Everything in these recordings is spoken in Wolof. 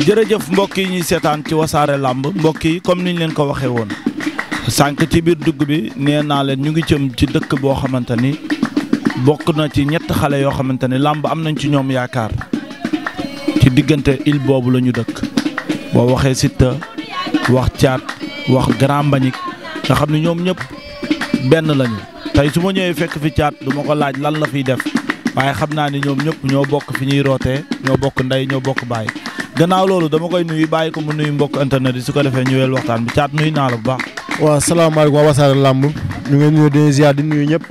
jërëjëf mbokk yi ñuy seetaan ci wasaare làmb mbokk yi comme niñ leen ko waxee woon sànq ci biir dugg bi nee naa leen ñu ngi jëm ci dëkk boo xamante ni bokk na ci ñett xale yoo xamante ni làmb am nañ ci ñoom yaakaar ci diggante il boobu la ñu dëkk boo waxee Siteu wax caat wax Grand Mbagnick nga xam ne ñoom ñëpp benn lañu tey su ma ñëwee fekk fi caat du ma ko laaj lan la fiy def waaye xam naa ni ñoom ñëpp ñoo bokk fi ñuy roote ñoo bokk ndey ñoo bokk baay gannaaw loolu dama koy nuyu bàyyi ko mu nuyu mbokk internet yi defee ñëweel waxtaan bi caat nuyu naa la bu baax. waaw salaamaaleykum waa Wassare Lamb ñu ngi nuyu di ziar di nuyu ñëpp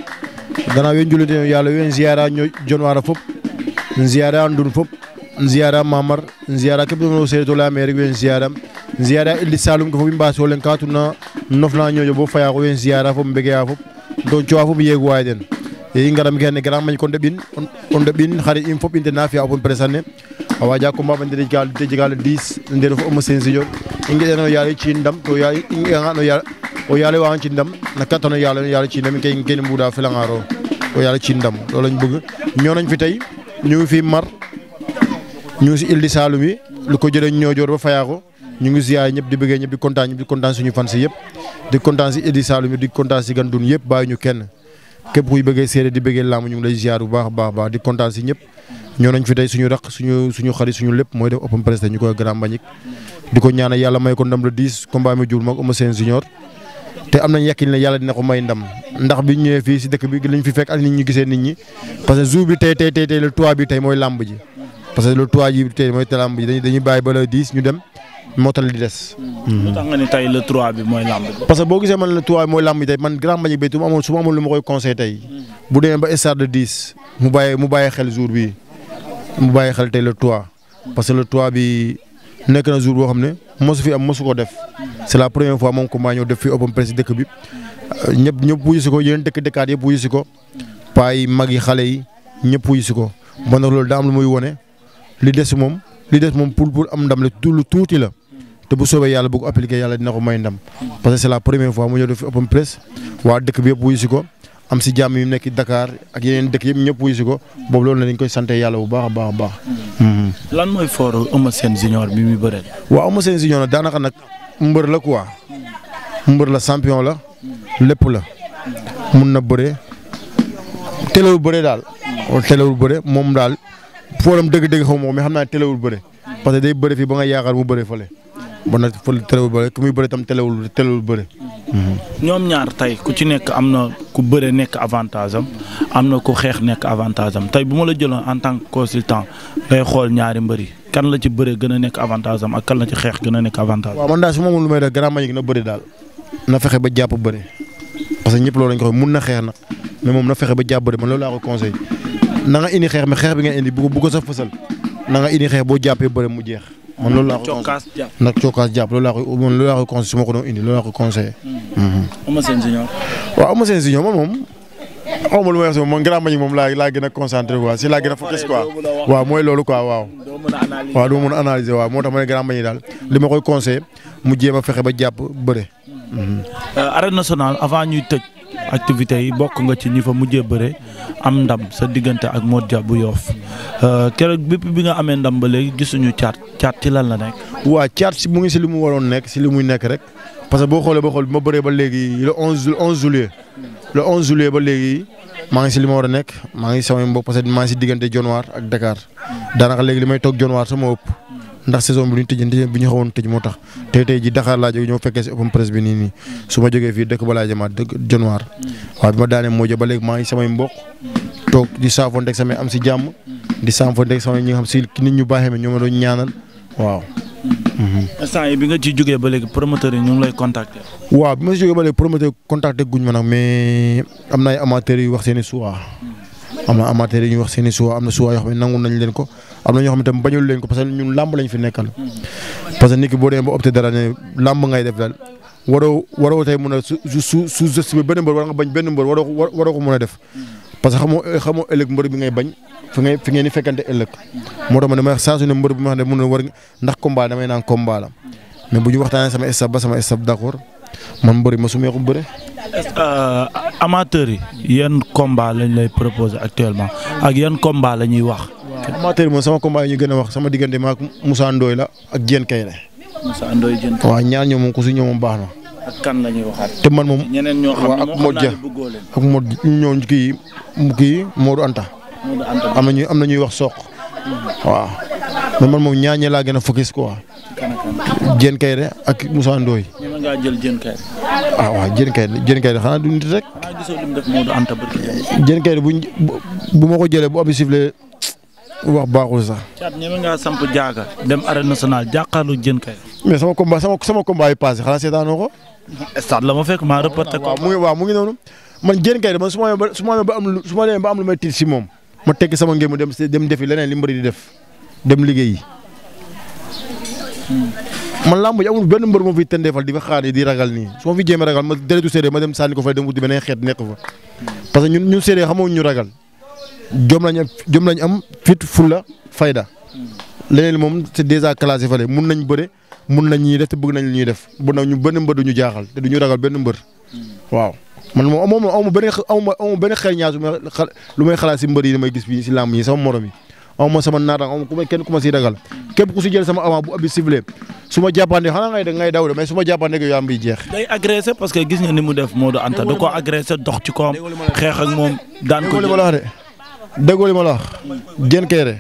gannaaw yéen jullit yàlla yéen ziara ñoo jonwaara fop ziara ndun fop ziara mamar ziara képp no seeto la amérique wen ziara ziara ili salum ko i mbaso len ka tuna nofla ñojo bo faya ko wen ziara fo mbege ya fo don cowa fo den e ngaram gene grand mañ ko debin awaja combat gal de jegal 10 nder fo mo sensiyo ingi no yari ci ndam to yari ingi ci ndam na katano yari yari ci ndam kay ngeen mbuda fi la ngaro ci ndam loolu lañ bëgg ñoo nañ fi tey ñu ngi fi ñu ngi si île di Saloum yi lu ko jëlee ñoojoor ba fayaako ñu ngi ziyaar ñëpp di bëggee ñëpp di kontaan ñëpp suñu fans yëpp di kontaan si île di di kontaan si gandun yëpp baay ñu kenn képp kuy bëggee séeréer di bëggee làmb ñu ngi lay ziyaar bu baax baax baax di kontaan si ñëpp ñoo nañ fi tey suñu raq suñu suñu xarit suñu lépp mooy def open press ñu koy Grand Mbagnick di ko ñaanal yàlla may ko ndam le 10 combat mi jur moog Eumeu Sène junior te dina ko ndam ndax biñ ñëwee fii si dëkk bi lañ fi fekk ak gisee nit ñi parce que jour bi tey tey tey tey le toit bi tey mooy làmb ji que le toit ji tey mooy làmb ji dañuy dañuy bàyyi man Grand Mbagnick bi su ma amoon lu ma koy conseil tey bu demee ba stade de mu bàyyi mu bàyyi xel jour bii mu bàyyi xel tey le toit parce que le trois bi nekk na jour boo xam ne mosu fi am mosu ko def c'est la première fois moom ko maa ñëw def fi open presse bi ñëpp ñëpp wuyu si ko yeneen dëkk dëkkaat yëpp wuyu si ko paa mag yi xale yi ñëpp wuyu si ko. bon nag loolu wone li moom li des moom pour pour am ndam la lu la te bu soobee yàlla dina ko may ndam la première fois mu ñëw def fi open waa dëkk bi yëpp wuyu si ko. am si jàmm yu nekk dakaar ak yeneen dëkk yëpp ñëpp wuyu si ko boobu loolu dañ koy sante yàlla bu baax a baax baax. Hmm. lan mooy fort Eumeu Sène junior bi muy bëreel. waaw Eumeu Sène junior daanaka nag mbër la quoi mbër la champion la lépp la mun na bëre teelawul bëre daal. teelawul bëre moom daal foolam dëgg-dëgg xaw ma ko mais xam naa teelawul bëre parce que day bëre fii ba yaakaar mu bëre fële. ba nag fële tëlewul bëre ku muy bëre tam tëlewul tëlewul mhm. ñoom ñaar tey ku ci nekk am na ku bëre nekk avantage am am na ku xeex nekk avantage tey bu ma la jëloon en tant que consultant xool ñaari mbër yi kan la ci bëre gën a nekk avantage ak kan la ci xeex gën a nekk avantage am. waaw man daal na bëri daal na fexe ba jàpp bëri parce que ñëpp loolu lañ ko mun na xeex na mais moom na fexe ba jàpp bëri man loolu laa ko conseil na nga indi xeex mais xeex bi nga indi bu ko bu sa fësal na nga xeex boo jàppee bëri mu jeex man loolu laa koy cokkaas jàpp nag cokkaas jàpp loolu laa koy man loolu laa koy conseillé su ma indi loolu laa koy hmm. hmm. waaw Eumeu Sène Junior moom. xaw ma Grand Mbagnick moom laa laa gën a concentré quoi si laa gën a focus quoi waaw mooy loolu quoi waaw. waaw du ma mën waaw moo tax ma ne Grand Mbagnick daal hmm. li ma koy conseillé mu jéem a fexe ba jàpp bëre. Euh, arène activité yi bokk nga ci ñi fa mujjee bëre am ndam sa diggante ak Modou Dia bu Yoff euh, keroog bépp bi nga amee ndam ba léegi gisuñu caat caat ci lan na nekk. waa caat mu ngi si li mu waroon nekk si li muy nekk rek parce que boo xoolee boo xool bi ma bëree ba léegi le onze onze juillet le onze juillet ba léegi maa ngi si li ma war a nekk maa ngi samay mbokk parce que maa ngi si diggante Dionewar ak Dakar daanaka léegi li may toog Dionewar sama ëpp. ndax saison bi ñu tëj bi ñu xawoon tëj moo tax tey tey ji Dakar laa jóge ñoo fekkee si open presse bi nii nii su ma jógee fii dëkk balaa jamaat dëkk januar waaw bi ma daanee moo jo ba léegi maa ngi samay mbokk toog di saafoonteeg samay am si jàmm di saafoonteeg samay ñi nga xam si nit ñu baaxee ñoo ma doon ñaanal waaw mhm. instant yi bi nga ci jógee ba léegi promoteur yi ñu ngi lay contacter. waaw bi ma si jógee ba léegi promoteur contacter guñ ma nag mais am na ay yi wax seen i choix am na yi ñu wax seen i am na choix yoo xam ne nangu nañ leen ko am na ñoo xam ne tam leen ko parce que ñun làmb lañ fi nekkal. parce que nit ki boo demee ba opté dara ne làmb ngay def daal waroo tey mun a su su su sous-estimer benn mbër war nga bañ benn mbër waroo ko waroo ko mën a def. parce que xamoo xamoo ëllëg mbër bi ngay bañ fi ngay di fekkante ëllëg moo tax ma damay wax saa su ne mbër bi ma xam ne mën na war ndax combat may naan combat la mais bu ñu waxtaanee sama staff ba sama staff d'accord man mbër yi ma su ma ko bëre. Euh, amateurs yi yan combat lañ lay proposer actuellement ak yan combat la ñuy wax. amateur moom sama combat yi ñu gën a wax sama diggante maak Moussa la ak Diène Kaïré. Moussa Ndoye Diène Kaïré waaw ñaar ñoom moom ku si ñoom moom baax na. kan la ñuy waxaat. te man moom ñeneen ñoo xam ak Modou Dia ak Modou ñooñu kii kii Modou Anta. Modou Anta am na ñuy am na ñuy wax soq. Mm-hmm. waaw man moom ñaar ñi laa gën a focus quoi. Diène Kaïré ak Moussa Ndoye. ñeme ngaa jël Diène Kaïré. ah waaw Diène Kaïré Diène Kaïré xanaa du nit rek. xanaa gisoo bu ma ko jëlee bu abi sifflé wax baaxul sax. Thiat ñeme ngaa samp jaaga dem arène nationale jàkkaarloo jën kay. mais sama combat sama sama combat yi passé ko. stade ma fekk maa reporté ko. mu ngi waaw noonu man jën kay man su ma ba ma ba su ma demee ba am lu may tiit si moom. ma tekki sama ngéem dem dem defi leneen li mbëri di def dem liggéeyi. Hmm. man làmb ji amul benn mbër moo fi tëndeefal di fa xaar di ragal nii su ma fi jéem ragal ma déretu séeréer ma dem sànni ko fay dem wuti beneen xeet nekk fa. Hmm. parce que ñun ñun xamoo ñu ragal jom lañ am am fit fulla fayda leneen moom c'est déjà classé fale mun nañ bëre mun nañ ñuy def te bëgg nañ li ñuy def bu naw ñu benn mbër du ñu jaaxal te du ñu ragal benn mbër waaw man moom moom amu sama morom yi ku may kenn ku ma siy ragal képp ku si jël sama avant bu abi sifflé su ma jàppandee xanaa ngay da ngay daw de mais su ma yaa mbiy parce que gis nga ni mu def Modou Anta da koo agressé dox ci koom xeex ak moom daan ko déggoo li ma la wax Diène Kairé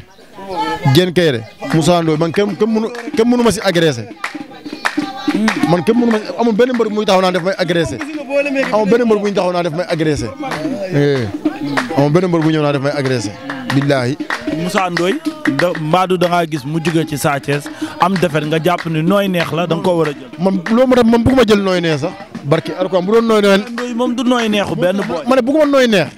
Diène Kairé Moussa Ndoye man kenn kenn mënu ma si agressé man kenn mënu ma amul benn mbër muy taxaw naa def may agressé amul benn mbër bu ñu taxaw naa def may agressé eh, amul benn mbër bu ñëw naa def may agressé billaahi Moussa Ndoye da mbaadu gis mu jóge ci Sa am defet nga jàpp ni nooy neex la da nga koo war a jël man loolu ma jël nooy neex sax barki alquran bu doon nooy neex moom du nooy neexu benn booy ma ne nooy neex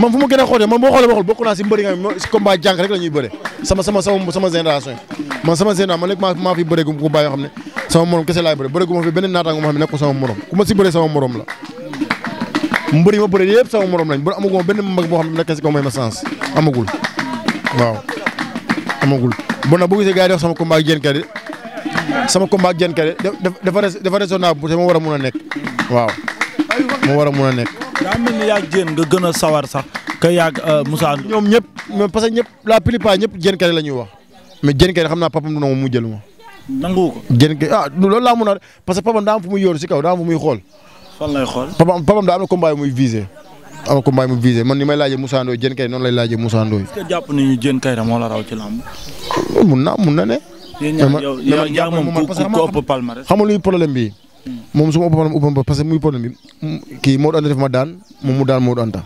man fu mu gën a xoolee man boo xoolee waxul bokk naa si mbëri nga si combat jànk rek la ñuy bëre sama sama sama sama génération man sama génération man nekk maa maa fi bëre gu bàyyi yoo xam ne sama morom kese laay bëre bëre gu ma fi beneen naataango ma xam ne nekk ko sama morom ku ma si bëre sama morom la mbëri ma bëre yëpp sama morom lañ bu amaguma benn mag boo xam ne nekk si ko may ma sens amagul waaw amagul bon nag boo gisee gars yi def sama combat ak Diène Kairé sama combat ak Diène Kairé dafa dafa raisonnable te ma war a mun a nekk waaw mu war a mun a nekk. daa mel ni yaa jën nga gën a sawar sax ka yàgg euh, Moussa. ñoom ñëpp parce que ñëpp la plupart ñëpp jën kay la ñuy wax mais jën kay xam naa papam du mu jël ma. nangu ko jën kay ah, loolu laa mun a parce que papam daa am fu si kaw daa am xool. fan lay xool papam papam daa am na combat yu muy visé. am na combat yu muy visé man ni may laajee Moussa Ndoye jën kay noonu lay laaj Moussa Ndoye. est-ce raw ci lamb. mun naa mun na ne. yéen ñaar yow yow yaa moom ku ku xamul luy problème bi moom su ma ubboon ubboon ba parce que muy problème bi kii Modou Anta def ma daan moom mu daan Modou Anta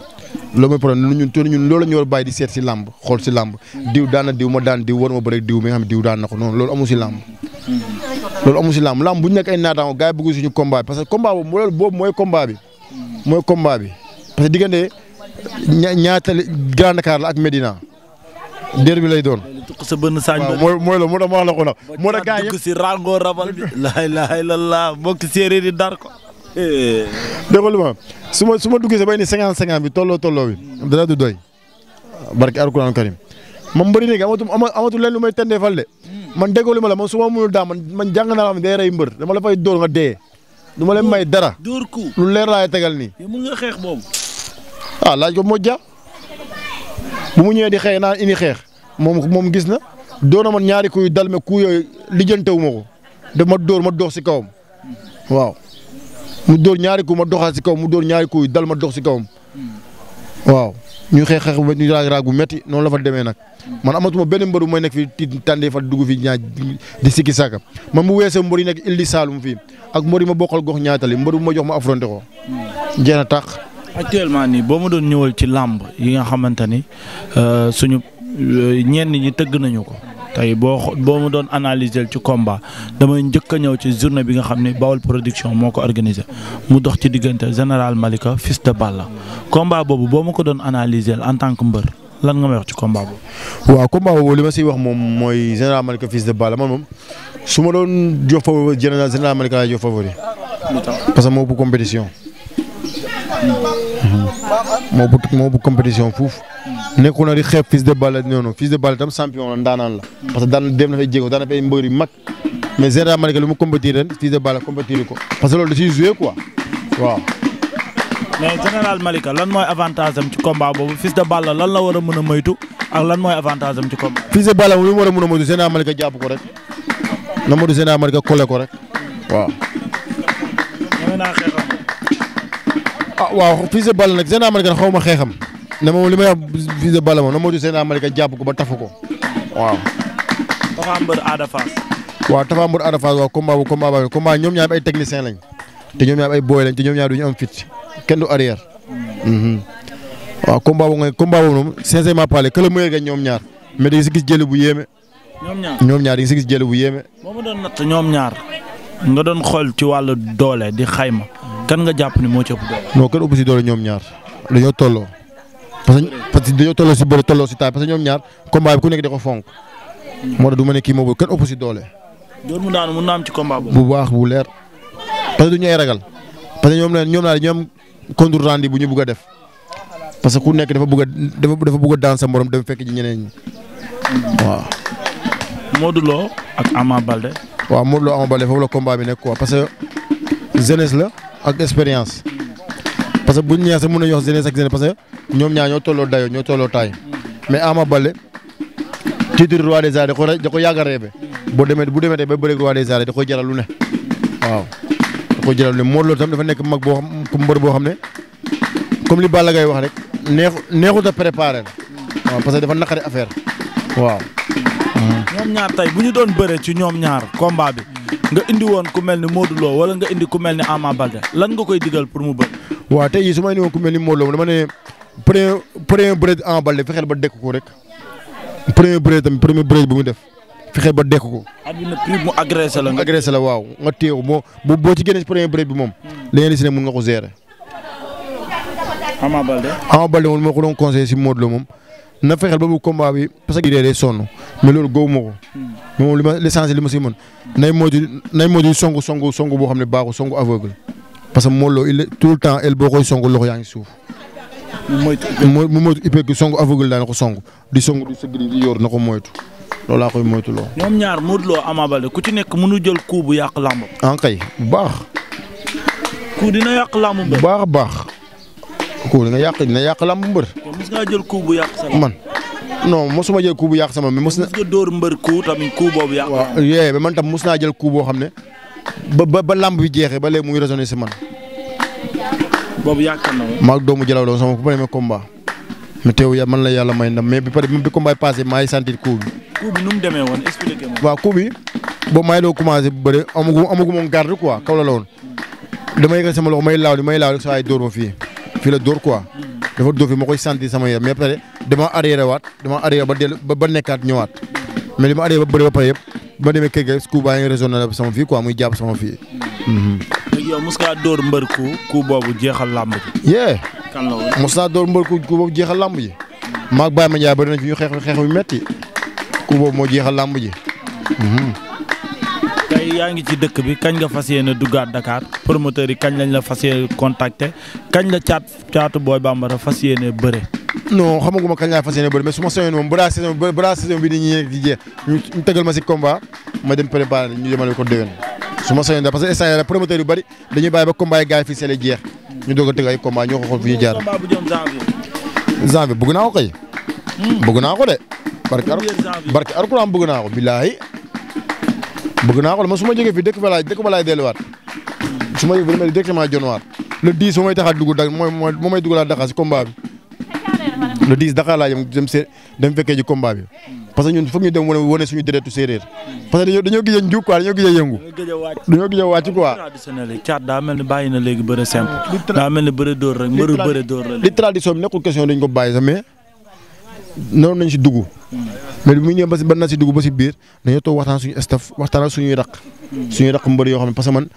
loolu mooy problème ñun te ñun loolu la ñu war a bàyyi di seet si làmb xool si làmb diw daan na diw ma daan diw war ma bëre diw mi nga xam diw daan na ko noonu loolu amul si làmb loolu amul si làmb bu ñu ay naataango gars yi bëgg suñu combat bi loolu mooy combat bi mooy combat bi parce que diggante ñaata Grand Dakar la ak Medina dér bi lay doon. sa bënn saañ ba mooy mooy moo tax ma wax la ko nag. moo tax gaa yëpp laa mbokk séeréer yi dar ko. Eh. dégg lu ma suma ma su ma duggee sa ni cinquante cinquante bi tolloo tolloo bi. dara du doy. barki alquran karim man mbëri léegi amatul amatul leen lu may tendee fal man déggoo li ma man su ma mënul daa man man jàng naa xam ne day rey mbër dama la fay dóor nga dee. du ma leen may dara. dóor ku lu leer laay tegal ni mën xeex moom. ah laaj ko Modou mu ñëwee di xeex naan indi xeex. moom moom gis na doon ma ñaari kuy dal me ku yooyu lijjantewu ma ko da ma dóor ma dox si kawam waaw mu door ñaari ku ma doxaat si kawam mu dóor ñaari kuy dal ma dox si kawam waaw ñu xeex xeex bu ñu raag raag bu metti noonu la fa demee nag man amatuma benn mbër bu may nekk fii tiit tàndee fa dugg fii ñaa di sikki sàkka man mu weesoo mbër yi nekk Ili Saloum ak mbër yi ma bokkal gox ñaatali mbër bu ma jox ma affronté ko. jeex na tax actuellement nii boo ma doon ñëwal ci làmb yi nga xamante ni euh, suñu ñenn ñi tëgg nañu ko tey boo boo mu doon analyser ci combat damay njëkk ñëw ci journée bi nga xam ne Bawol production moo ko organisé mu dox ci diggante général Malika fist de Balla combat boobu boo ma ko doon analyser en tant que mbër lan nga may wax ci combat boobu. waaw combat boobu li ma siy wax moom mooy général Malika fils de Balla man moom su ma doon jox favori général général Malika parce que moo bu compétition. moo ëpp compétition fuuf. nekku na di xeeb Fils de Balla noonu Fils de Balla tam champion la ndaanaan la. parce que daan dem na fay jéego daan na fay mbër yu mag. mais Général Malika lu mu compétir ren Fils de Balla compétir ko parce que loolu da ciy joué quoi waaw. mais Général Malika lan mooy avantage am ci combat boobu Fils de Balla lan la war a mën a moytu ak lan mooy avantage am ci combat. Fils de Balla lu mu war a mën a moytu Général Malika jàpp ko rek na moytu Général Malika na moom li may wax Fils de Balla moom na moytu seen amalika jàpp ko ba tafu ko waaw. Tapha Mbeur Ada Fass. waaw Tapha Mbeur Ada Fass waaw combat bu combat ba combat ñoom ñaar ay technicien lañ te ñoom ñaar ay booy lañ te ñoom ñaar du kenn du arrière. Mhm. waaw combat bu nga combat boobu moom sincèrement ñoom ñaar mais da nga si gis bu yéeme. ñoom ñaar ñoom da nga bu yéeme. doon ñoom ñaar nga doon xool ci wàll doole di xayma kan nga jàpp ni moo ci ëpp doole. ñoom ñaar dañoo tolloo parce que parce que dañoo tolloo si bëri tolloo ñoom ñaar combat bi ku nekk da ko fonk. moo tax du ma ne kii moo bëgg kenn ëpp si doole. doon mu daanu mën naa am ci combat bu baax bu leer parce que du ñu ay ragal parce que ñoom ñoom ñoom ñoom contre rendi bu ñu bëgg a def parce ku nekk dafa bugg a dafa dafa bëgg a daan sa morom dem fekk ji ñeneen ñi waaw. Modou Lo ak Ama Balde. waaw Modou Lo Ama Balde foofu la combat bi nekk quoi parce que jeunesse la ak expérience. parce que bu ñu ñëwee sax mën nañu wax jeunesse ak jeunesse que ñoom ñaar ñoo tolloo dayoo ñoo tolloo mais Ama Baldé titre roi des arènes da ko ko yàgg a boo demee bu demee ba bëreeg roi des arènes da koy jaral waaw da koy jaral lu ne dafa nekk mag boo xam mbër boo xam ne comme li Balla Gaye wax rek neexu neexut a préparé la waaw parce que dafa naqari affaire waaw. ñoom ñaar bu ñu doon bëre ci ñoom ñaar combat bi nga indi woon ku mel ni Modou Lo wala nga indi ku mel ni Ama Baldé lan nga koy digal pour mu bëri. waaw tey jii su ma nee ni Modou Lo dama ne premier premier bëreet Ama Baldé fexeel ba dekk ko rek premier bëreet tamit premier bëreet bi mu def fexeel ba dekk ko. àddina prix mu agressé la. agressé la waaw nga teew moo boo ci génnee si premier bëreet bi moom. leneen li si nga ko gérer. Ama Baldé. Ama Baldé moom moo ko doon conseillé si Modou Lo moom na fexeel ba bu combat bi parce que. day sonn loolu góobu ma ko. Hmm. li ma l'essentiel li ma si mën. nay moytu nay moytu songu songu songu boo xam ne baaxul songo aveugle. parce que Modou Lo il tout le temps el boo koy song loxo yaa ngi suuf. mu moytu mu moytu IPEC song aveugle daan ko song di song di sëgg di yor na ko moytu loolu laa koy moytu loo. ñoom ñaar Modou Lo Ama Baldé ku ci nekk mënu jël coup bu yàq làmbam. ah kay bu baax. coup dina yàq làmb mbër. bu baax a baax. coup dina yàq dina yàq lamb mbër. mos ngaa jël coup bu yàq sama. man non mosuma jël coup bu naa jël coup boo xam ne. ba ba làmb bi jeexe ba léegi mu ngi résonné si man. boobu na ma. maag doomu Jalaw la sama premier combat. mais teew ya man la yàlla may ndam mais bi pare bi combat passé maa ngi sentir coup mu demee woon expliqué ma. waaw coup bi boobu maa ngi bu bëri amagu amagu moom garde quoi kaw la woon. damay yëkkati sama loxo may laaw li may laaw rek saa yi dóor ma fii fii la dóor quoi. dafa dóor fi ma koy sentir sama yaram mais après dama arrière waat dama arrière ba dellu ba ba nekkaat ñëwaat. mais li ma arrière ba bëri ba pare yëpp ba demee kër ga coup baa ngi résonné la sama fii quoi muy jàpp sama fii. Mhm. léegi ngaa dóor mbër ku ku jeexal làmb ji. yee. kan la woon mos Ma Ndiaye ba dinañ fi ñu xeex xeex bu metti ku boobu moo jeexal làmb ji. Mhm. tey yaa ngi ci dëkk bi kañ nga fas yéene duggaat Dakar promoteur yi kañ lañ la fas yéene contacter kañ la caat caatu booy bambara fas yéene bëre. non xamaguma kañ laa fas yéene bëri mais su ma sañoon moom balaa saison bi balaa saison bi dañuy yegg di jeex ñu tëggal ma si combat ma dem préparer ñu demale ko déwén. su ma sañoon daal parce que instant yii promoteur yu bëri dañuy bàyyi ba combat yi gars yi fii seen jeex ñu doog a tëgg ay combat ñoo ko xool fi jaar. janvier bëgg naa ko kay. Hmm. bëgg naa ko de. barke ar barke Alxuraan bëgg naa ko billaahi bëgg naa ko de man su ma jógee fii dëkk fa laay dëkk ba laay delluwaat su ma yóbbu damay directement jonwaat le 10 moom mooy tax a dugg da mooy le 10 Dakar laa jëm dem see dem fekkee ji combat bi parce que ñun foog ñu dem wane suñu déretu séeréer parce que dañoo dañoo gis a njuk quoi dañoo gis a yëngu. dañoo daa mel ni bàyyi na léegi bëre simple. daa mel ni bëre dóor rek mbëru bëre dóor li tradition bi nekkul question dañ ko bàyyi sax mais noonu nañ si dugg. mais bu ñu ñëwee ba si ban si dugg ba si biir dañoo toog waxtaan suñuy raq. Hmm. suñuy raq mbër yoo xam ne parce que man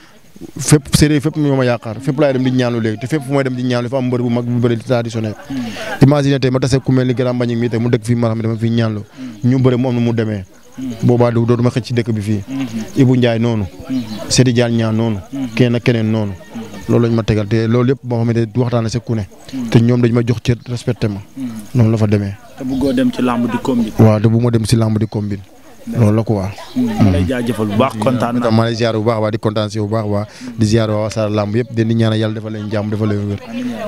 fépp séeréer fépp ñoo a yaakaar fépp laay dem di ñaanu léegi te fépp fu may dem di ñaanu fa am hmm. ku mel ni grand mbañik ma xam ne hmm. ñu bëri mu am na mu demee hmm. boobaa du ci dëkk bi fii Ibou Ndiaye noonu Sedi Dial ñaan noonu kenn keneen noonu loolu lañ ma tegal te loolu yëpp boo xam ne waxtaan na sa ku ne te ñoom dañ ma jox ci respecté ma la fa demee te bëggoo dem ci làmb di combine waaw bu ma dem ci làmb di combine loolu la quoi. ma lay jaajëfal bu baax kontaan naa. ma lay ziar bu baax waa di kontaan si bu baax waa di ziar waa Wassare Lamb yëpp di ñaanal yàlla defal leen jàmm defal leen wér.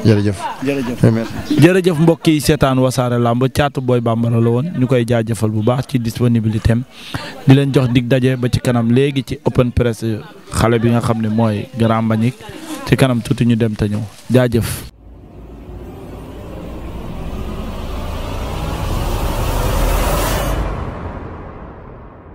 jërëjëf jërëjëf jërëjëf mbokk yi seetaan Wassare Lamb caatu booy bambara la woon ñu koy jaajëfal bu baax ci disponibilité am di leen jox dig daje ba ci kanam léegi ci open press xale bi nga xam ne mooy garambañik ci kanam tuuti ñu dem te ñëw jaajëf.